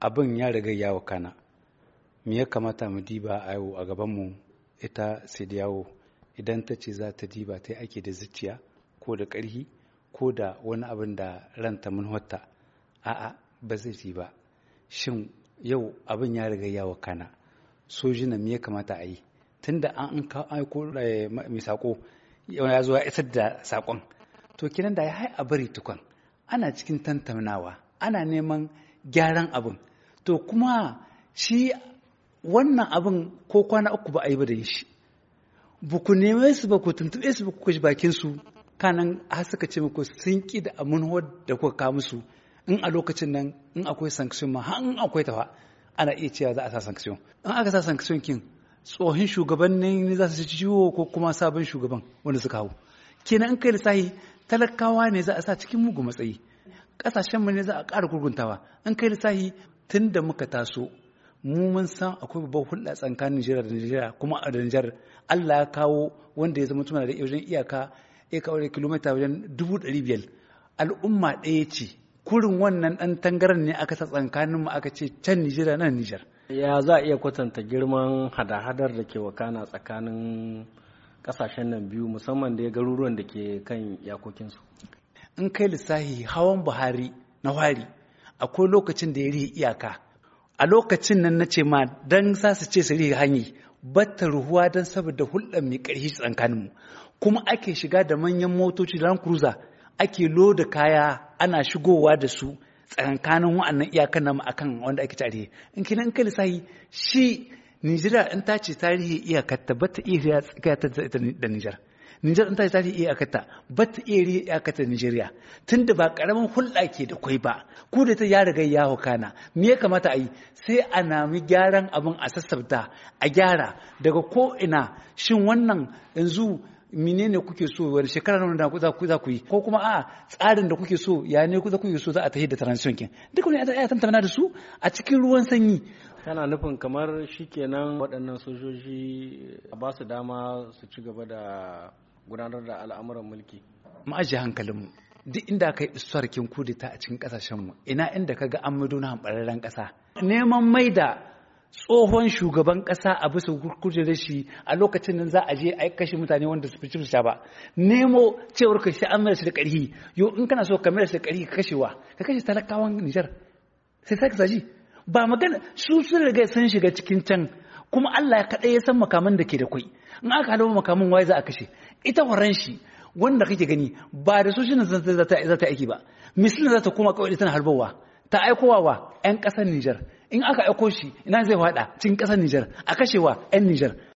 abin ya riga ya wakana me ya kamata mu diba a yau a gaban mu ita yawo idan ta ce za ta diba ta ake da zuciya ko da ƙarhi ko da wani abin da ranta manhatta a'a ba zai ji ba shin yau abin ya riga ya wakana sojina me ya kamata a yi tunda an aiko eh, mai sako ya zo ya isar da sakon to kinan da ya hai a bari tukon ana cikin tantanawa ana neman gyaran abin to kuma shi wannan abin ko kwana uku ba a yi ba da yi shi ba ku su ba ku tuntuɓe su ba ku kashe bakin su kanan har suka ce muku sun ƙi da amunhuwar da kuka kawo musu in a lokacin nan in akwai sanction ma har in akwai tafa ana iya cewa za a sa sanction in aka sa sanction kin tsohon shugaban ne za su ci ciwo ko kuma sabon shugaban wanda suka hau kenan in kai lissahi talakawa ne za a sa cikin mugu matsayi kasashen mu ne za a ƙara gurguntawa an kai lissahi tun da muka taso mu mun san akwai babban hulɗa tsakanin Nijar da Nijar kuma a Nijar Allah ya kawo wanda ya zama tuna da wajen iyaka ya kawo da kilomita wajen dubu ɗari biyar al'umma ɗaya ce kurin wannan ɗan tangaran ne aka sa tsakanin mu aka ce can Nijar nan Nijar. Ya za a iya kwatanta girman hada-hadar da ke wakana tsakanin ƙasashen nan biyu musamman da ya garuruwan da ke kan iyakokinsu. in kai lissahi hawan buhari na wari akwai lokacin da ya rihe iyaka a lokacin nan na ce ma dan sa su ce su rihe hanyi batta ruhuwa don saboda hulɗar mai ƙarfi tsakaninmu kuma ake shiga da manyan motoci da cruiser ake loda kaya ana shigowa da su tsakanin wa'annan iyakan nan akan wanda ake tarihi in kina in kai lissahi shi Nijeriya in ta ce tarihi iyakar ta bata iya tsakiyar da Nijar Nijar ta ce iya iyakata ba ta iya iyakata Nijeriya tun da ba karamin hulɗa ke da kwai ba ku da ta ya riga ya kana, me ya kamata a yi sai a nami gyaran abin a sassabta a gyara daga ko ina shin wannan yanzu menene kuke so wani shekara nan da za ku yi ko kuma a tsarin da kuke so ya ne ku za ku so za a ta da transition kin duk wani ya tantamana da su a cikin ruwan sanyi kana nufin kamar shikenan waɗannan sojoji ba su dama su ci gaba da gudanar da al'amuran mulki ma'aji hankalinmu duk inda ka yi sarkin kudita a cikin kasashenmu ina inda ka ga an na hamɓararren ƙasa neman mai da tsohon shugaban ƙasa a bisa da shi a lokacin nan za a je a kashe mutane wanda su fi sha ba nemo cewar ka sai an mai da ƙarfi yo in kana so ka mai da ƙarfi ka kashewa ka kashe talakawan Nijar sai sai ka ba magana su sun riga sun shiga cikin can kuma Allah kaɗai ya san makaman da ke da kwai in aka haɗa makaman waye za a kashe ita horon shi wanda kake gani ba da su shine za ta aiki ba misalin za ta koma kawai tana harbawa ta aikowa wa 'yan ƙasar Nijar in aka aiko shi ina zai faɗa cikin ƙasar Nijar a kashewa 'yan Nijar